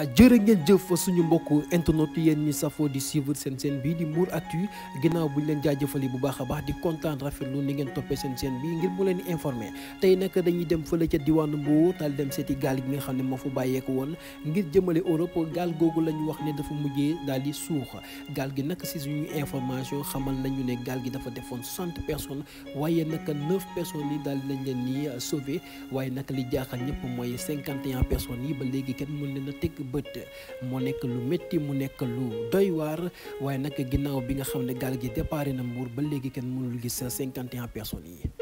a ngeen jëf suñu mbokku internet yéen ñi safoo di suivre seen seen bi di Mbour Actu ginnaaw bu ñu leen jaajëfalee bu baax a baax di kontaan rafetlu ni ngeen toppee seen seen bi ngir mu leen informé tey nag dañuy dem fële ca diwaanu Mbour daal dem seeti gaal gi nga xam ne moo fa bàyyeeku woon ngir jëmale Europe gaal googu la ñu wax ne dafa mujjee daal di suux gaal gi nag si suñu information xamal nañu ne gaal gi dafa defoon 60 personnes waaye nag 9 personnes yi daal nañ leen ni sauvé waaye nag li jaaxal ñëpp mooy 51 personnes yi ba léegi kenn mën leen teg bët moo nekk lu métti mu nekk lu doy waar waaye nag ginnaaw bi nga xam ne gaal gi déparé na Mbour ba léegi kenn mënul gis cinquante et un yi.